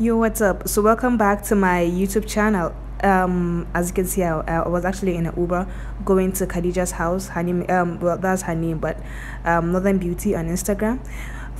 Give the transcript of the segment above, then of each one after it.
yo what's up so welcome back to my youtube channel um as you can see i, I was actually in an uber going to khadija's house her name um well that's her name but um northern beauty on instagram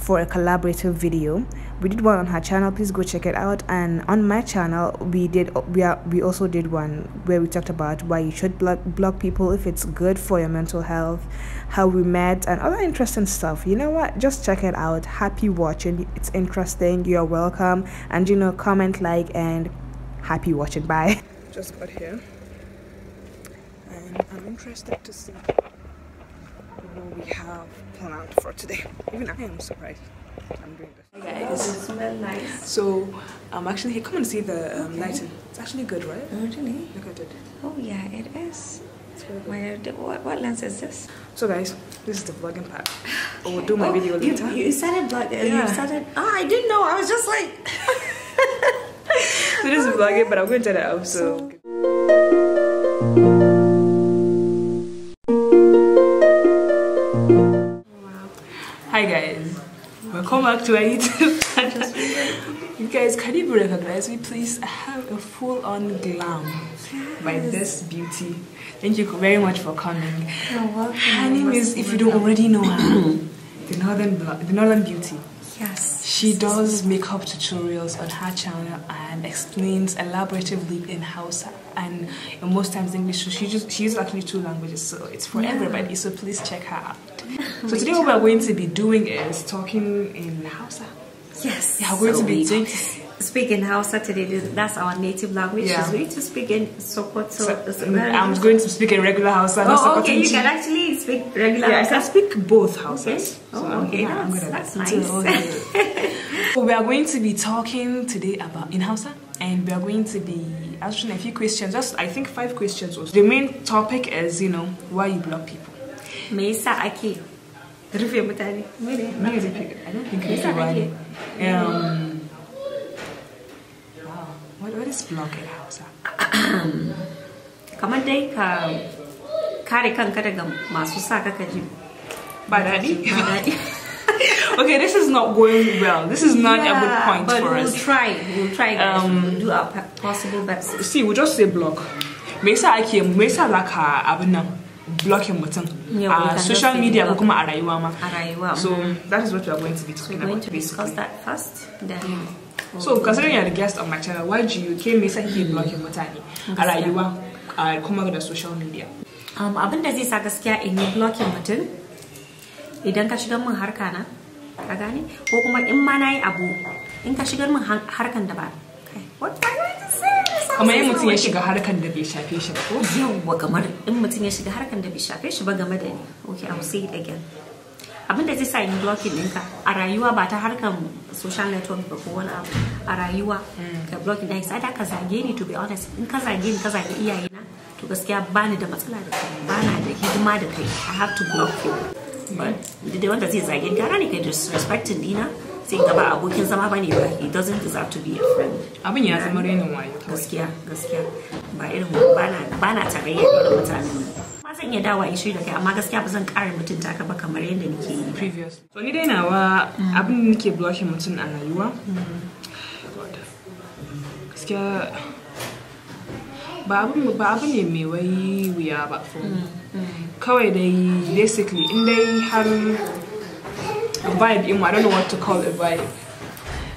for a collaborative video we did one on her channel please go check it out and on my channel we did we are we also did one where we talked about why you should block block people if it's good for your mental health how we met and other interesting stuff you know what just check it out happy watching it's interesting you're welcome and you know comment like and happy watching bye just got here and i'm interested to see we have planned for today. Even I am surprised. I'm doing this. Hey guys. It nice. So I'm um, actually here. Come and see the um, okay. lighting. It's actually good, right? Oh, really? Look at it. Oh yeah, it is. what, what lens is this? So guys, this is the vlogging part. I will do my oh, video later. You, started vlogging. Yeah. You started. Ah, oh, I didn't know. I was just like. so this is oh, vlogging, but I'm going to turn it off. So. so back to it. you guys, can you recognize me, please? I have a full-on glam by this beauty. Thank you very much for coming. You're welcome. Her name is, if you don't already know her, the Northern the Northern Beauty. Yes. She does makeup tutorials on her channel and explains elaboratively in Hausa and most times English. So she just she uses actually two languages, so it's for yeah. everybody. So please check her out. So today what we're going to be doing is talking in Hausa. Yes. Yeah, we're going so to be doing speak in Hausa today. That's our native language. Yeah. are going to speak in Sokoto. So, I'm going to speak in regular Hausa. Oh, okay. You can actually speak regular yeah, Hausa. I can speak both Hausas. Okay. So, oh, okay. Yeah, that's, that's nice. so we are going to be talking today about in Hausa and we are going to be asking a few questions. Just, I think, five questions. Also. The main topic is, you know, why you block people me yasa ake rufe mutane mere mere don't think yasa ake um wow what what is block in Hausa kamar dai ka kare kanka daga masu sa ka kaji ba daɗi ba daɗi okay, this is not going well. This is not yeah, a good point for we'll us. We'll try. We'll try. Um, we'll do our possible best. See, we'll just say block. Me yasa ake me yasa zaka abin blocking mutum a social media ko kuma a rayuwa ma a rayuwa so mm. that is what we are going to be talking We're going to discuss that first then yeah. Mm. so considering you're the guest on my channel why do you came me yasa blocking mutane a rayuwa a kuma da social media um abin da zai sa gaskiya in yi blocking mutum idan ka shigar min harka na ka gane ko kuma in ma nayi abu in ka shigar min harkan da ba kamar yin mutum ya shiga harkar da bai shafe shi ba ko yawa kamar in mutum ya shiga harkar da bai shafe shi ba game da ni okay i will say it again abin da zai sa yin blocking ɗinka a rayuwa ba ta harkar social network ba ko wani abu a rayuwa mm. ka blocking ɗin sai ka zage ni to be honest in ka zage ni ka zage iyaye na to gaskiya bani da matsala da kai na da hidima da kai i have to block you but da wanda zai zage gara ne kai disrespecting dina sai about abokin zama bane ba he doesn't deserve to be a friend abin ya zama renin wayo gaskiya gaskiya ba irin bana bana tarayya da mutane ma zan iya dawa in da kai amma gaskiya ba zan ƙara mutunta ka ba kamar yadda nake yi previous to ni dai nawa abin da nake blushing mutum a rayuwa gaskiya ba abu ne mai wai wuya ba mm, mm. kawai dai basically in dai har vibe imo i don't know what to call it vibe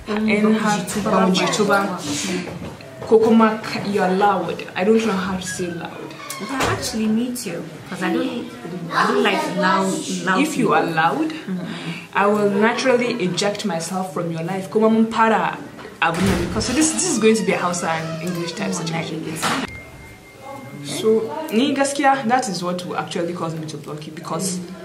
in mm. her tuba um, kokoma you're loud i don't know how to say loud I actually me too because I don't I don't like loud, loud if you are loud mm -hmm. I will naturally eject myself from your life kuma mun because so this this is going to be a Hausa and English type situation so ni that is what will actually cause me to block you because mm -hmm.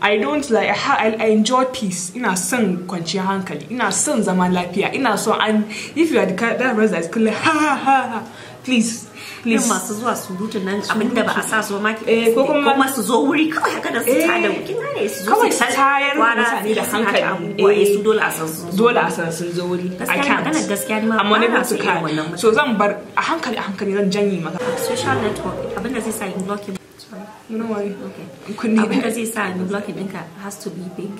I don't like I, I enjoy peace. Ina son kwanciyar hankali. Ina son zaman lafiya. Ina so and if you are the kind that person that's cool, ha ha ha please please masu zuwa surutun nan abinda ba a sa su ma eh, ko kuma su zo wuri kawai haka da su eh, tada kin gane su zo kawai su tayar da mutane da hankali eh su dole a san su dole a san sun zo wuri i can't magana gaskiya ni ma amma ne ba su kai so zan bar a hankali a hankali zan janye maka social network abinda zai sa in blocking You know why? worry. Okay. Uh, because it's the block it has to be big.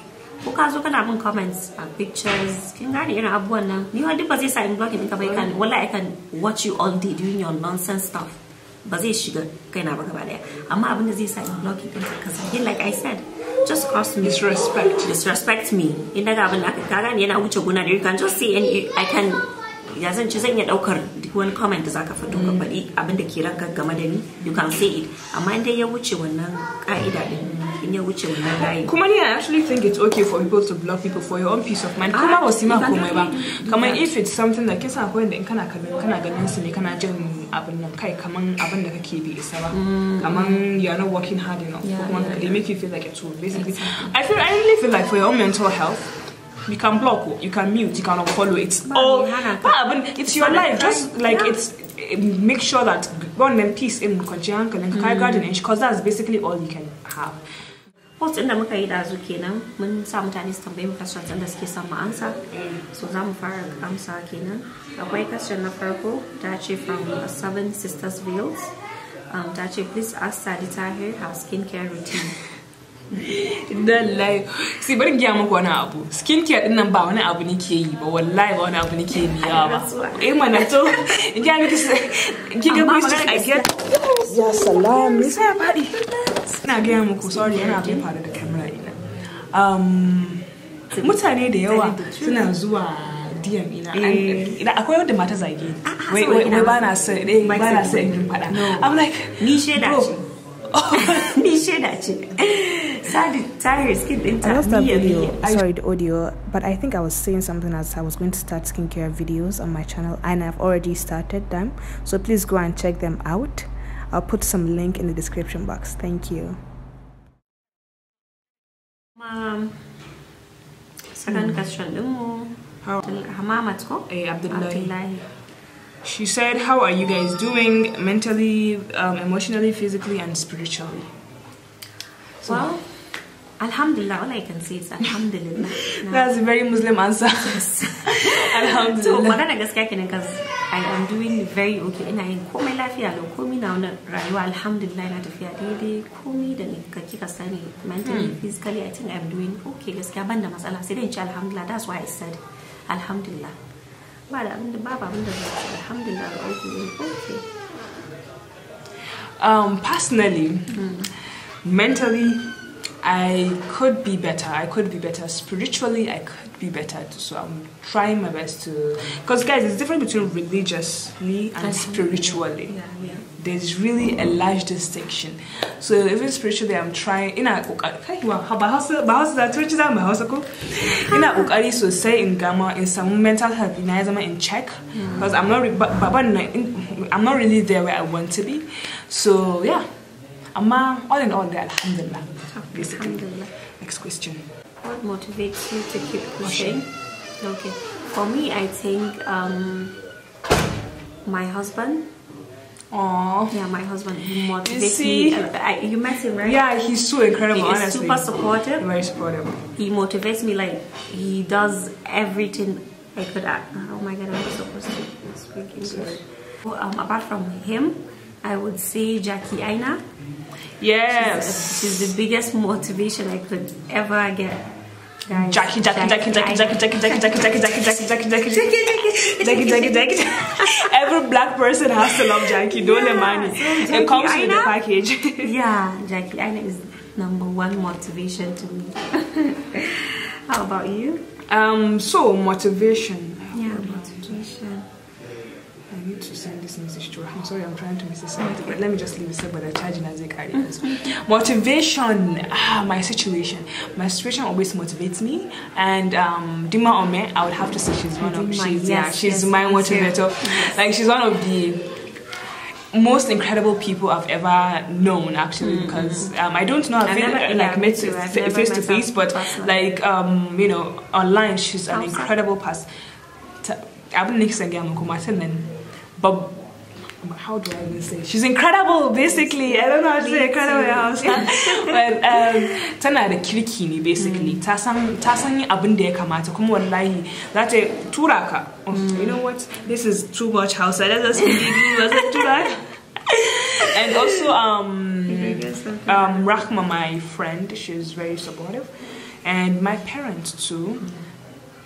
Because we can have comments and pictures. Can you know one now. You are because it's time block it but you can well I can watch you all day doing your nonsense stuff. But this sugar can have about there. I'm having this time block it because again like I said, just cross me. Disrespect. Disrespect me. In that I have an you know you can just see and I can ya zan ci zan iya daukar duk wani comment da zaka fito ka mm. faɗi abin da ke ranka game da ni you can say it amma in dai ya wuce wannan ka'ida din in ya wuce wannan layi kuma ni I actually think it's okay for people to block people for your own peace of mind kuma ah, ba su ma komai ba kamar if it's something that kisa akwai da in kana kallon kana ganin su ne kana jin abin nan kai kaman abin da kake bi isa ba mm. kaman you are not working hard enough yeah, yeah, they make you feel like a tool basically I feel I really feel like for your own mental health you can block, you can mute, you can unfollow. It's all. Hannah, but it's your life. Just like yeah. it's eh, make sure that one and peace in Kajian and Kai mm. Garden and because that's basically all you can have. Hotun in muka yi da okay now. When sa mutane su tambaye mu questions da suke son mu ansa. So za mu fara amsa kenan. Akwai question na purple. That's from Seven Sisters Veils. Um, it. please ask Sadi here her skincare routine. Dallai. si bari gya muku wani abu. Skin care din nan ba wani abu nake yi ba wallahi ba wani abu nake yi ba. Eh mana to gya miki ki ga boys I get. Ya salam Sai faɗi. Ina gaya muku sorry yana bai faru da camera ina. Um mutane da yawa suna zuwa DM ina eh. ina akwai wanda mata zage ni. Wai wai ba na son eh, ba na son in faɗa. I'm like ni shaida I lost that video. Sorry, the audio, but I think I was saying something as I was going to start skincare videos on my channel, and I've already started them. So please go and check them out. I'll put some link in the description box. Thank you. Mom, second hmm. question. How? Hamamatko? Eh, Abdullahi. Abdullahi. She said, how are you guys doing mentally, um, emotionally, physically, and spiritually? So, well, Alhamdulillah, all I can say is Alhamdulillah. That's a very Muslim answer. Yes. alhamdulillah. So, magana gaskiya kenan because I am doing very okay. Ina yin komai lafiya lau komai na wani rayuwa alhamdulillah I tafiya daidai komai da ka kika sani mentally hmm. physically I think I am doing okay Because I'm matsala sai dai in alhamdulillah that's why I said alhamdulillah. Um, personally, mm. mentally, I could be better. I could be better spiritually. I could be better. Too. So I'm trying my best to. Because guys, it's different between religiously and spiritually. Yeah, yeah. There's really a large distinction. So even spiritually, I'm trying. In a in a ukari so say in gamma, in some mental health, in check. Because I'm not. I'm not really there where I want to be. So yeah. Amma, all in all, alhamdulillah. Alhamdulillah. Next question. What motivates you to keep pushing? Okay. For me, I think um, my husband. Aww. Yeah, my husband he motivates you see? me. I, you met him, right? Yeah, he's so incredible. He honestly. super supportive. Very supportive. He motivates me like he does everything I could. Act. Oh my god, I'm supposed to speak English. Well, um, apart from him, I would say Jackie Aina. Yes. She's, she's the biggest motivation I could ever get. Guys, Jackie, Jackie, Jackie, Jackie, Jackie, Jackie, Jackie, Jackie, Jackie, Jackie, Jackie, Jackie, Jackie, Jackie, Jackie, Jackie, Jackie. Every black person has to love Jackie. Don't let money. It comes with the package. Yeah, Jackie I know is number one motivation to me. How about you? Um, so motivation. sorry, I'm trying to be systematic, but let me just leave it by the charging as a carrier. Motivation, ah, my situation. My situation always motivates me, and um, Dima Ome, I would have to say she's one of, she's, yes, yeah, she's yes, my motivator. Yes. Like, she's one of the most incredible people I've ever known actually mm -hmm. because um, I don't know I've, never, uh, like yeah, met face to face but personally. like um, you know online she's an awesome. incredible person. I've been next again, but how do I even say? She's incredible, basically. I don't know how to say incredible But um, tana the kikini, basically. Mm. Ta san ta san abin da ya kamata kuma wallahi za ta tura um, mm. You know what? This is too much house. I us speak English. Let's tura. And also um um Rahma my friend, she's very supportive. And my parents too. Mm.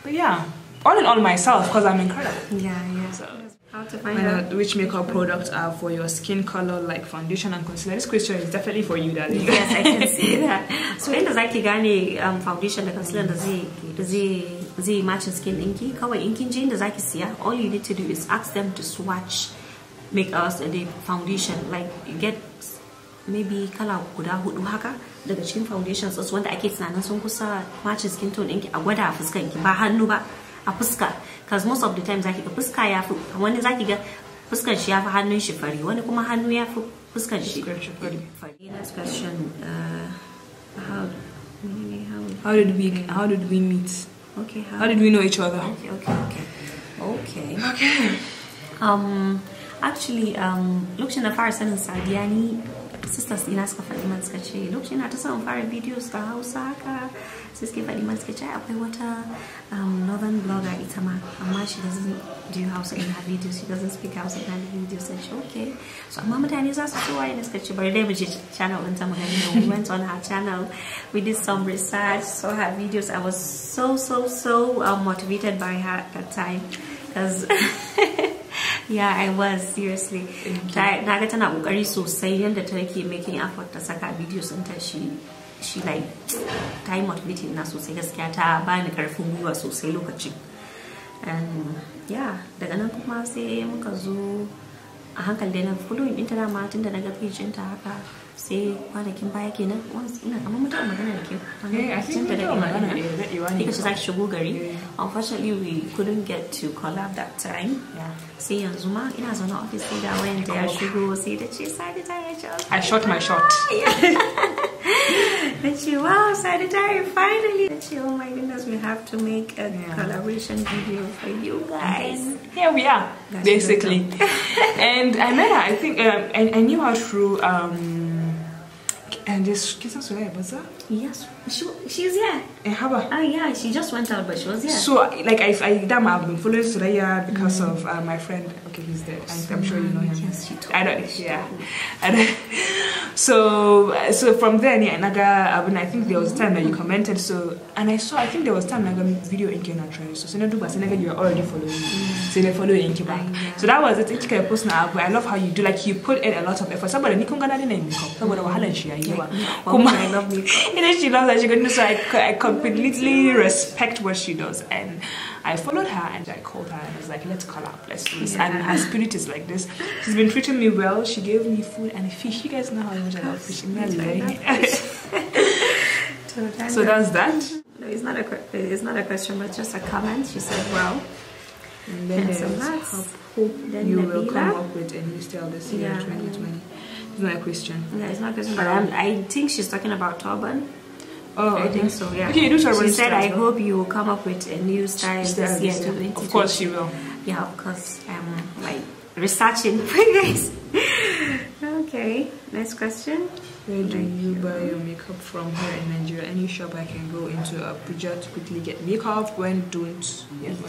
But yeah, all in all myself because I'm incredible. Yeah, yeah. So. How to find out which makeup products are for your skin color, like foundation and concealer. This question is definitely for you, darling. Yes, I can see that. So, inda zaki gane um, foundation da concealer does does da does zai match matchin skin ɗinki kawai in kin je inda zaki siya all you need to do is ask them to swatch make us the foundation like get maybe color guda hudu haka daga cikin foundations So wanda ake tunanin sun kusa matchin skin tone inki, a gwada a fuskanki ba hannu ba a fuska because most of the time zaki ga fuska ya fi wani zaki ga fuskan shi ya fi hannun shi fari wani kuma hannu ya fi fuskan shi fari last question uh, how how did we how did we meet okay how, how did we know each other okay okay okay okay um actually um lokacin da fara sanin sadiya ni sisters ina suka faɗi man suka ce lokacin na ta son fara videos da hausa haka sai suke faɗi man suka ce akwai wata um, northern blogger ita ma amma she doesn't do hausa in her videos she doesn't speak hausa in her videos and she okay so amma mutane za su so waye ne suka ce bari dai mu je channel ɗinta mu gani we went on her channel we did some research saw her videos I was so so so um, motivated by her at that time because yeah I was seriously na ga tana kokari sosai yadda ta keep making effort to make videos din ta shi shi like ta yi motivating na sosai you ta bani karfin Look at you. and yeah daga nan kuma sai muka zo a hankali da na following ɗinta dama tun da na ga page ɗinta haka sai kwanakin baya kenan ina amma mutum magana da ke kwanakin eh, da daɗe magana ita Because it's ki shigo gari unfortunately we couldn't get to collab that time See, yanzu ma ina zaune office sai ga that went there. she sai see ce sadi ta the ce I shot my shot na she, wow sadi the ya finally na she, oh my goodness we have to make a yeah. collaboration video for you guys here we are That's basically and I met her I think um, I, I knew her through um, and is Kisa Sulaya Baza? Yes, she, she's here. Eh, about? Ah, yeah, she just went out, but she was here. So, like, I, I damn, I've been following Sulaya because mm. of uh, my friend. Okay, he's there. I, am sure you know him. Yes, she told I don't, she yeah. I so, so from then, yeah, Naga, I, mean, I think there was a time that you commented, so, and I saw, I think there was time Naga video in Kenya trying. So, Sena Duba, Sena, you were already following me. Mm. Sena, follow in back. So, that was it. I love how you do, like, you put in a lot of effort. Somebody, Nikon Ganani, Nikon, somebody, Wahala, Shia, Kuma. Kuma. I love me. You know, she loves that. She got into so I, I completely respect what she does. And I followed her and I called her and I was like, let's call up, let's do this. Yeah. And her spirit is like this. She's been treating me well. She gave me food and fish. You guys know how much I love fish. so that's that. No, it's not a it's not a question, but just a comment. She said, well. And then and there's so hope, hope you Nabila. will come up with a new style this year, yeah. 2020. It's not a question. Yeah, it's not a question. But i i think she's talking about turban. Oh, I think so. Yeah. Okay, you do turban. She said, "I well. hope you will come up with a new style she this year." Too. Of course, she will. Yeah, of course. I'm like researching for guys. okay, next question. Where do you buy your makeup from here in Nigeria? Any shop I can go into Abuja uh, to quickly get makeup? When don't?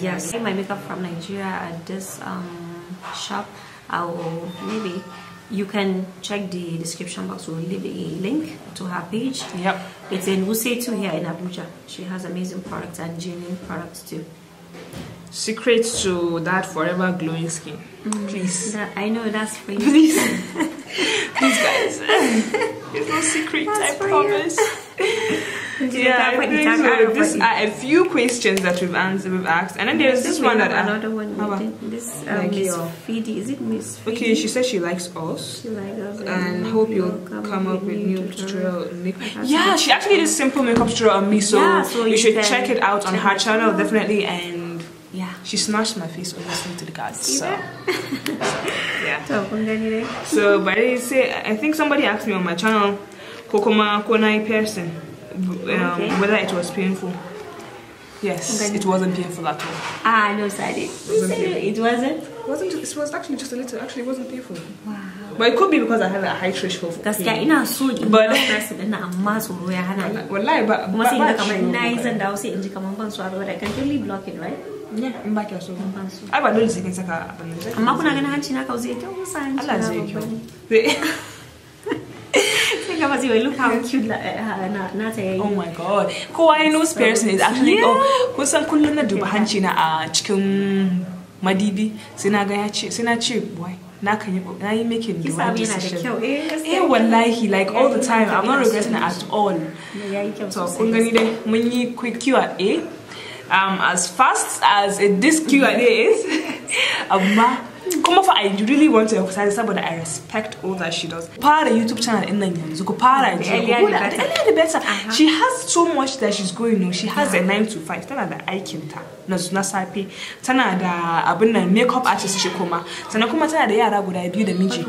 yes, I get my makeup from Nigeria at this um, shop. I will maybe you can check the description box. We'll leave a link to her page. Yep. It's in Wusetu here in Abuja. She has amazing products and genuine products too. Secrets to that forever glowing skin. Mm, Please. That, I know that's for you. Please. Please, guys. It's no secret, that's I promise. yeah, I think so. a few questions that we've answered, we've asked, and then there's this one that another one. This um, like Miss Feedy, is it Miss? Feedy? Okay, she says she likes us. She likes us, and hope you'll come up with new tutorial. Yeah, she actually did a simple makeup tutorial on me, so, so you should check it out on her channel definitely and yeah she smashed my face obviously to the guards so yeah so but i say i think somebody asked me on my channel kokoma konai person um, okay. whether it was painful. Yes, okay. it wasn't painful at all. Ah, no, Sadi. It, wasn't? It wasn't. It was actually just a little. Actually, it wasn't painful. Wow. But it could be because I have a high threshold for Gaskiya ina so in but stress din na amma tsoro ya hana ni. Wallahi But kuma sai ga kamar ina yi zan dawo sai in ji kamar ban so ba da kan block it right? Yeah, in ba ki so. Ai ba dole sai kin saka abin nan. Amma kuna ganin hanci na kawo zai kyau musa hanci. Allah zai kyau. Oh my god. Kowa ya nose person is actually yeah. oh kusan kullun na duba hanci na a cikin madibi sai na ga ya ce sai na ce why na kan yi na yi making the right decision. Eh, eh wallahi like all the time I'm not regretting at all. So kun gani dai mun yi quick Q&A um, as fast as this Q&A is amma kuma I really want to emphasize but I respect all that she does. of YouTube channel in the better. Uh-huh. She has so much that she's going on. She has a 9 to 5 tana the aikin ta na na safe tana the, abin nan makeup artist ce kuma sannan kuma tana da yara guda biyu da miji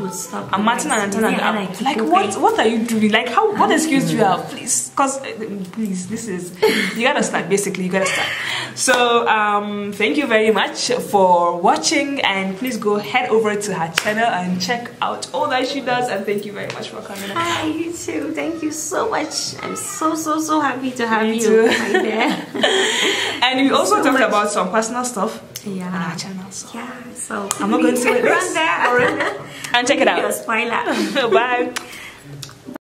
amma tana nan tana like what what are you doing like how what excuse do you have please cause uh, please this is you gotta start basically you gotta start so um thank you very much for watching and please go head over to her channel and check out all that she does. And thank you very much for coming. Hi, ah, you too. Thank you so much. I'm so, so, so happy to have Me you. Too. and we also so talked much. about some personal stuff yeah. on our channel. So. Yeah, so I'm not going to say run there. Already. and check it out. Spoiler. Bye.